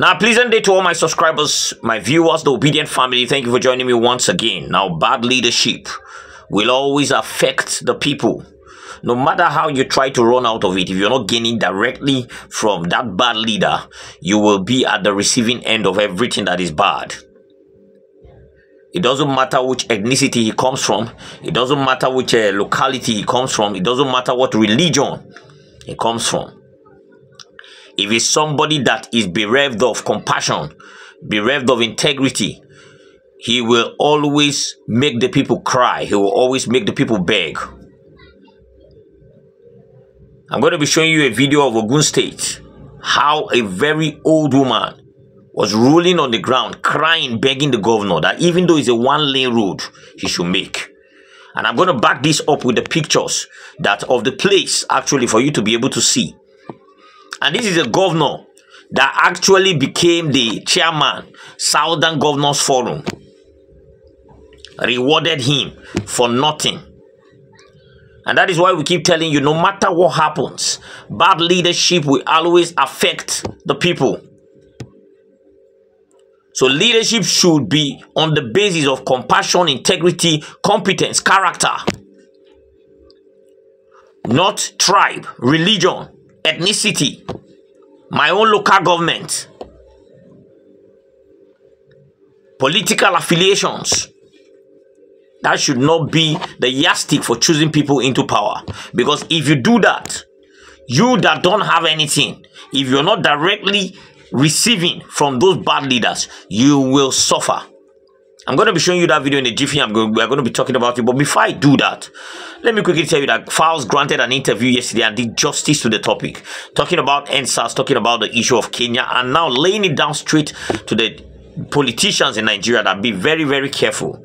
Now, pleasant day to all my subscribers, my viewers, the obedient family. Thank you for joining me once again. Now, bad leadership will always affect the people. No matter how you try to run out of it, if you're not gaining directly from that bad leader, you will be at the receiving end of everything that is bad. It doesn't matter which ethnicity he comes from. It doesn't matter which uh, locality he comes from. It doesn't matter what religion he comes from. If it's somebody that is bereft of compassion, bereft of integrity, he will always make the people cry. He will always make the people beg. I'm going to be showing you a video of Ogun State, how a very old woman was rolling on the ground, crying, begging the governor that even though it's a one-lane road, he should make. And I'm going to back this up with the pictures that of the place, actually, for you to be able to see and this is a governor that actually became the chairman, Southern Governors Forum, rewarded him for nothing. And that is why we keep telling you no matter what happens, bad leadership will always affect the people. So leadership should be on the basis of compassion, integrity, competence, character, not tribe, religion ethnicity, my own local government, political affiliations. That should not be the yardstick for choosing people into power. Because if you do that, you that don't have anything, if you're not directly receiving from those bad leaders, you will suffer. I'm going to be showing you that video in a jiffy. I'm going, we're going to be talking about it. But before I do that, let me quickly tell you that Files granted an interview yesterday and did justice to the topic, talking about NSAS, talking about the issue of Kenya, and now laying it down straight to the politicians in Nigeria that be very, very careful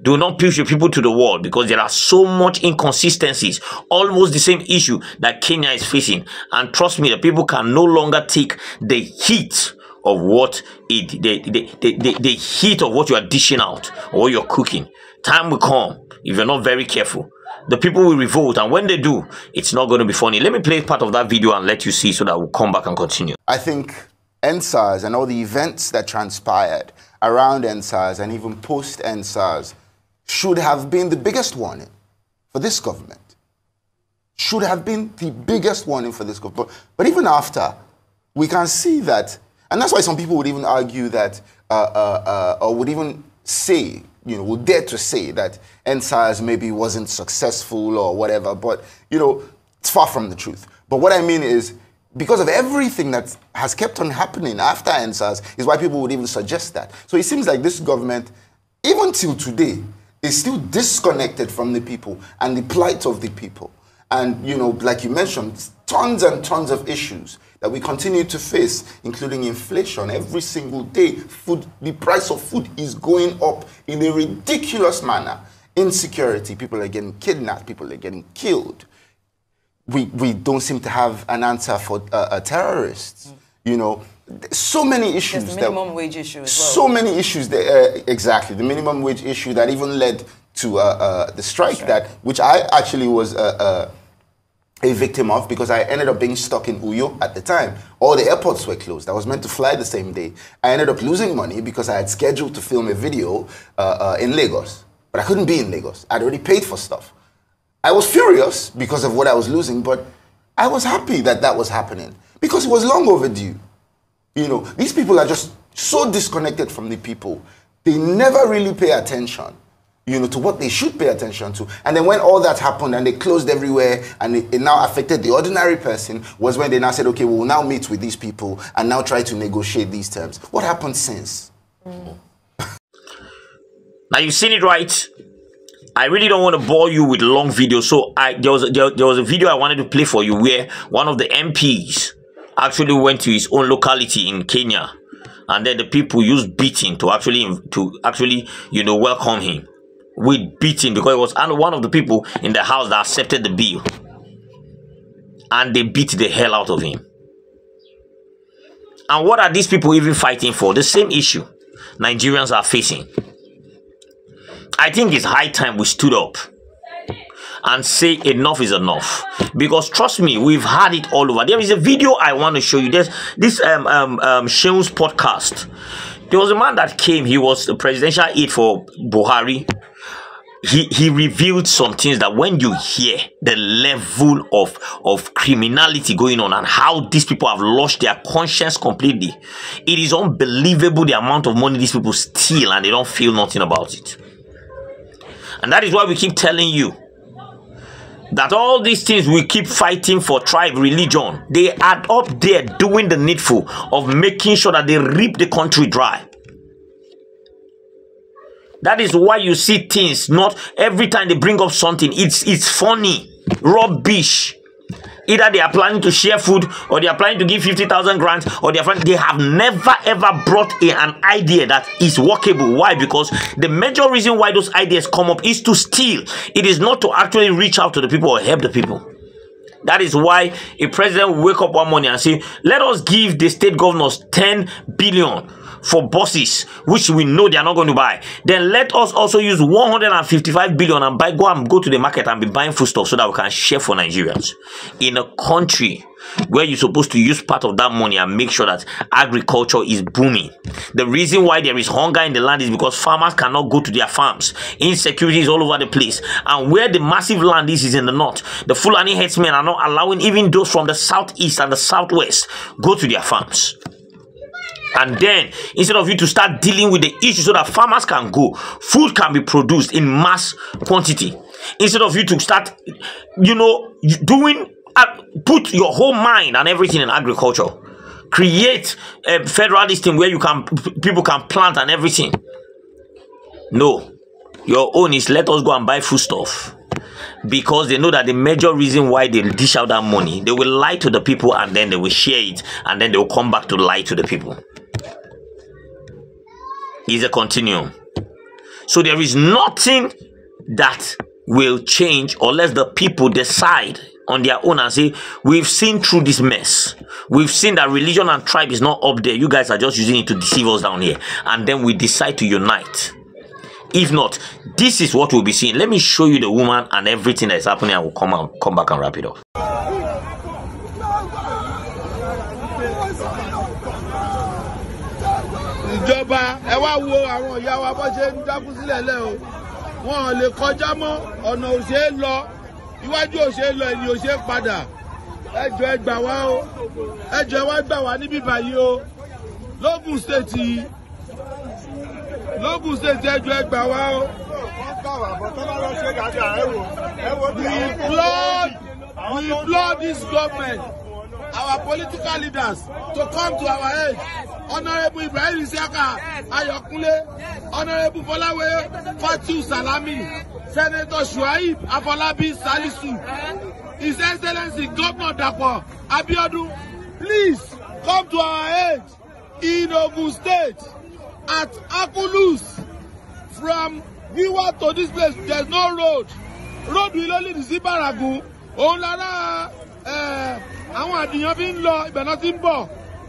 do not push your people to the wall because there are so much inconsistencies almost the same issue that kenya is facing and trust me the people can no longer take the heat of what it the, the, the, the, heat of what you are dishing out or you're cooking time will come if you're not very careful the people will revolt and when they do it's not going to be funny let me play part of that video and let you see so that we'll come back and continue i think nsars and all the events that transpired around nsars and even post nsars should have been the biggest warning for this government should have been the biggest warning for this government but even after we can see that and that's why some people would even argue that, uh, uh, uh, or would even say, you know, would dare to say that NSAS maybe wasn't successful or whatever. But, you know, it's far from the truth. But what I mean is, because of everything that has kept on happening after NSAS, is why people would even suggest that. So it seems like this government, even till today, is still disconnected from the people and the plight of the people. And, you know, like you mentioned, tons and tons of issues that we continue to face, including inflation. Every single day, food, the price of food is going up in a ridiculous manner. Insecurity, people are getting kidnapped, people are getting killed. We, we don't seem to have an answer for uh, uh, terrorists. Mm. You know, so many issues. There's the minimum that, wage issue as well. So many issues. That, uh, exactly. The minimum wage issue that even led to uh, uh, the strike, that, which I actually was uh, a victim of because I ended up being stuck in Uyo at the time. All the airports were closed. I was meant to fly the same day. I ended up losing money because I had scheduled to film a video uh, uh, in Lagos, but I couldn't be in Lagos. I'd already paid for stuff. I was furious because of what I was losing, but I was happy that that was happening because it was long overdue. You know, these people are just so disconnected from the people. They never really pay attention you know, to what they should pay attention to. And then when all that happened and they closed everywhere and it, it, now affected the ordinary person was when they now said, okay, we'll now meet with these people and now try to negotiate these terms. What happened since? Mm. now you've seen it right. I really don't want to bore you with long videos. So I, there, was a, there, there was a video I wanted to play for you where one of the MPs actually went to his own locality in Kenya and then the people used beating to actually to actually you know welcome him with beating because it was one of the people in the house that accepted the bill. And they beat the hell out of him. And what are these people even fighting for? The same issue Nigerians are facing. I think it's high time we stood up and say enough is enough because trust me we've had it all over there is a video i want to show you This this um um um Shane's podcast there was a man that came he was the presidential aide for buhari he he revealed some things that when you hear the level of of criminality going on and how these people have lost their conscience completely it is unbelievable the amount of money these people steal and they don't feel nothing about it and that is why we keep telling you that all these things we keep fighting for tribe religion they are up there doing the needful of making sure that they rip the country dry that is why you see things not every time they bring up something. It's it's funny, rubbish. Either they are planning to share food, or they are planning to give fifty thousand grants, or they are planning, they have never ever brought in an idea that is workable. Why? Because the major reason why those ideas come up is to steal. It is not to actually reach out to the people or help the people. That is why a president will wake up one morning and say, "Let us give the state governors ten billion for buses, which we know they are not going to buy. Then let us also use 155 billion and buy, go and go to the market and be buying food stuff so that we can share for Nigerians. In a country where you're supposed to use part of that money and make sure that agriculture is booming. The reason why there is hunger in the land is because farmers cannot go to their farms. Insecurity is all over the place. And where the massive land is, is in the north. The Fulani headsmen are not allowing even those from the southeast and the southwest go to their farms and then instead of you to start dealing with the issue so that farmers can go food can be produced in mass quantity instead of you to start you know doing uh, put your whole mind and everything in agriculture create a um, federal system where you can people can plant and everything no your own is let us go and buy food stuff because they know that the major reason why they dish out that money they will lie to the people and then they will share it and then they will come back to lie to the people is a continuum. So there is nothing that will change unless the people decide on their own and say, We've seen through this mess. We've seen that religion and tribe is not up there. You guys are just using it to deceive us down here. And then we decide to unite. If not, this is what we'll be seeing. Let me show you the woman and everything that is happening, and we'll come, and, come back and wrap it up. ìjọba ẹ wá wo àwọn ìyá wa bó ṣe ń dákú sílẹ̀ lẹ́ o wọn ò lè kọjá mọ́ ọ̀nà ò ṣeé lọ iwájú ò ṣeé lọ ènìyàn ò ṣeé padà ẹ ẹ gbà wá o ẹ ẹ wá gbà wá níbí báyìí o lógùn stéètì lógùn stéètì ẹ ẹ gbà wá o. We flood. we applaud this government our political leaders to come to our aid. Honourable Ibrahim Isiaka yes. Ayokunle, yes. Honorable Folawe Fatiu Salami, Senator Shuaib Afolabi Salisu, His Excellency Governor Dapo Abiodun, please come to our aid in Ogun State at Akulus from Giwa to this place. there is no road. Road will only the Zibaragu. Òun lára eh, àwọn àdìyàn fi ń lọ ibẹ̀ náà ti ń bọ̀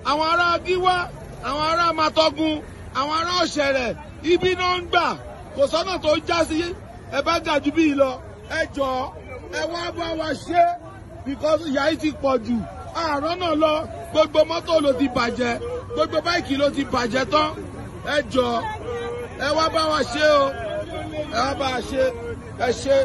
àwọn ará gíwá àwọn ará matọ́gun àwọn ará ọ̀ṣẹ̀rẹ̀ ibi náà ń gbà kò sọ́nà tó já sí ẹ bá dàjú bíi lọ ẹ jọ̀ọ́ ẹ wá bá wa ṣe because ìyà yìí ti pọ̀ jù àárọ̀ náà lọ gbogbo mọ́tò ló ti bàjẹ́ gbogbo báìkì ló ti bàjẹ́ tán ẹ jọ̀ọ́ ẹ wá bá wa ṣe o ẹ wá bá wa ṣe ẹ ṣe.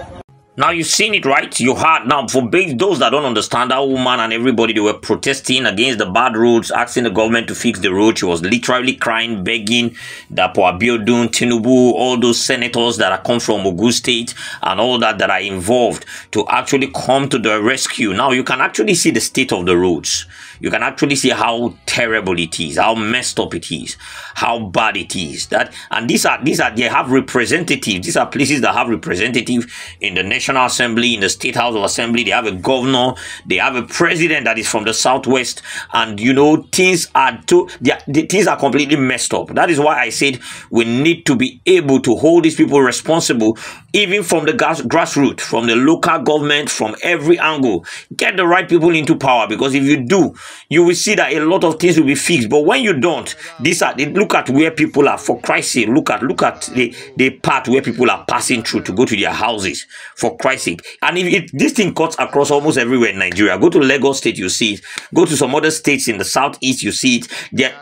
Now you've seen it, right? You heard. Now, for those that don't understand, that woman and everybody, they were protesting against the bad roads, asking the government to fix the road. She was literally crying, begging that Poabiodun, Tinubu, all those senators that are come from Ogu State and all that that are involved to actually come to the rescue. Now, you can actually see the state of the roads you can actually see how terrible it is, how messed up it is, how bad it is. That and these are these are they have representatives. These are places that have representative in the National Assembly, in the State House of Assembly. They have a governor, they have a president that is from the southwest, and you know things are too. They, the, things are completely messed up. That is why I said we need to be able to hold these people responsible, even from the grass, grassroots, from the local government, from every angle. Get the right people into power because if you do, you will see that a lot of things will be fixed. But when you don't, these are look at where people are. For Christ's sake, look at look at the the part where people are passing through to go to their houses. For Christ's sake, and if it, this thing cuts across almost everywhere in Nigeria, go to Lagos State, you see it. Go to some other states in the southeast, you see it. There,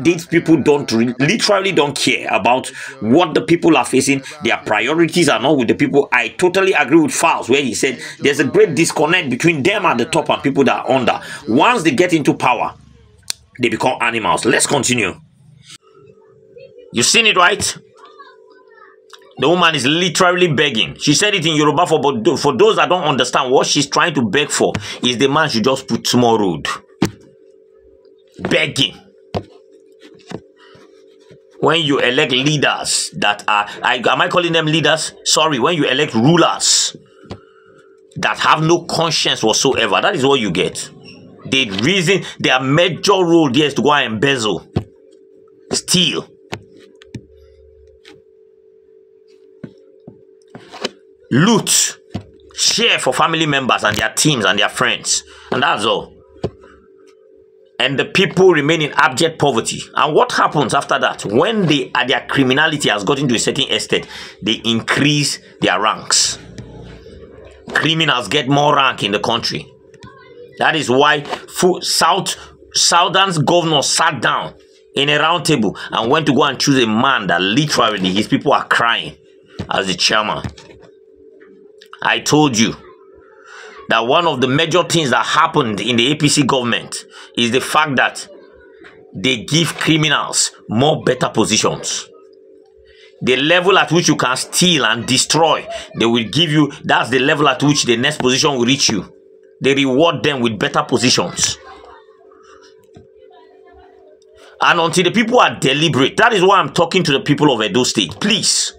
these people don't literally don't care about what the people are facing. Their priorities are not with the people. I totally agree with Faust where he said there's a great disconnect between them at the top and people that are under. Once they get into power, they become animals. Let's continue. you seen it, right? The woman is literally begging. She said it in Yoruba for, but for those that don't understand, what she's trying to beg for is the man should just put small road. Begging. When you elect leaders that are, I, am I calling them leaders? Sorry, when you elect rulers that have no conscience whatsoever, that is what you get the reason their major role there is to go and embezzle, steal. Loot, share for family members and their teams and their friends, and that's all. And the people remain in abject poverty. And what happens after that? When they uh, their criminality has gotten to a certain extent, they increase their ranks. Criminals get more rank in the country that is why South Southern's governor sat down in a round table and went to go and choose a man that literally his people are crying as the chairman. I told you that one of the major things that happened in the APC government is the fact that they give criminals more better positions. The level at which you can steal and destroy, they will give you, that's the level at which the next position will reach you they reward them with better positions. And until the people are deliberate, that is why I'm talking to the people of Edo State. Please,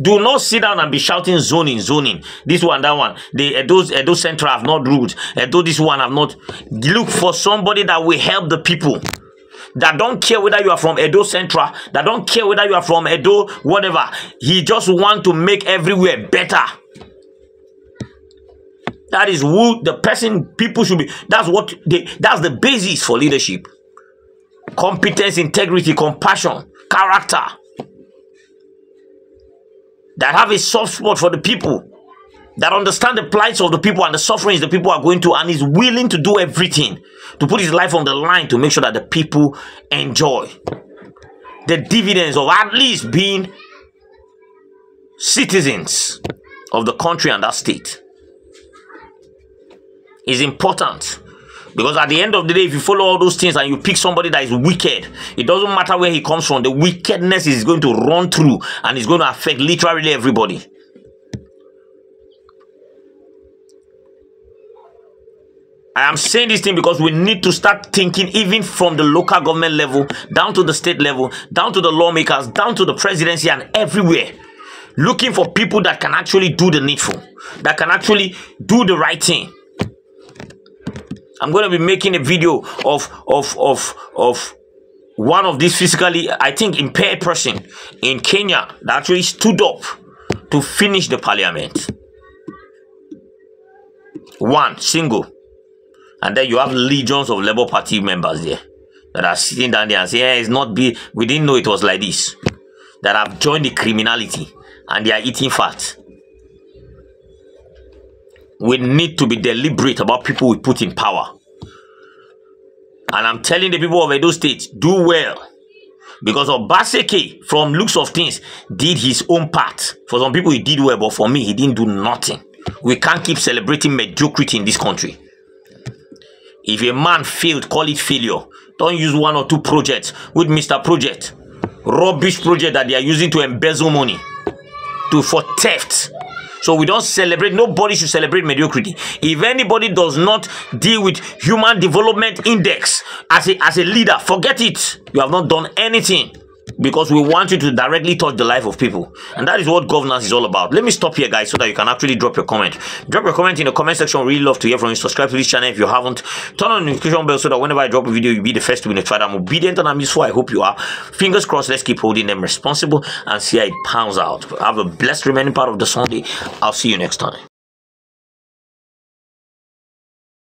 do not sit down and be shouting zoning, zoning. This one, that one. The Edo, Edo Central have not ruled. Edo, this one have not. Look for somebody that will help the people. That don't care whether you are from Edo Central. That don't care whether you are from Edo, whatever. He just want to make everywhere better. That is who the person people should be. That's what they that's the basis for leadership. Competence, integrity, compassion, character. That have a soft spot for the people. That understand the plights of the people and the sufferings the people are going to and is willing to do everything to put his life on the line to make sure that the people enjoy the dividends of at least being citizens of the country and that state is important. Because at the end of the day, if you follow all those things and you pick somebody that is wicked, it doesn't matter where he comes from, the wickedness is going to run through and it's going to affect literally everybody. I am saying this thing because we need to start thinking even from the local government level, down to the state level, down to the lawmakers, down to the presidency and everywhere. Looking for people that can actually do the needful, that can actually do the right thing. I'm going to be making a video of of of of one of these physically, I think, impaired person in Kenya that actually stood up to finish the parliament. One single, and then you have legions of Labour Party members there that are sitting down there and saying, "Yeah, "It's not be. We didn't know it was like this." That have joined the criminality and they are eating fat we need to be deliberate about people we put in power. And I'm telling the people of Edo State, do well. Because Obaseke, from looks of things, did his own part. For some people, he did well, but for me, he didn't do nothing. We can't keep celebrating mediocrity in this country. If a man failed, call it failure. Don't use one or two projects with Mr. Project. Rubbish project that they are using to embezzle money. To for theft. So we don't celebrate. Nobody should celebrate mediocrity. If anybody does not deal with human development index as a, as a leader, forget it. You have not done anything because we want you to directly touch the life of people. And that is what governance is all about. Let me stop here, guys, so that you can actually drop your comment. Drop your comment in the comment section. Really love to hear from you. Subscribe to this channel if you haven't. Turn on the notification bell so that whenever I drop a video, you'll be the first to be notified. I'm obedient and I'm useful. I hope you are. Fingers crossed. Let's keep holding them responsible and see how it pounds out. Have a blessed remaining part of the Sunday. I'll see you next time.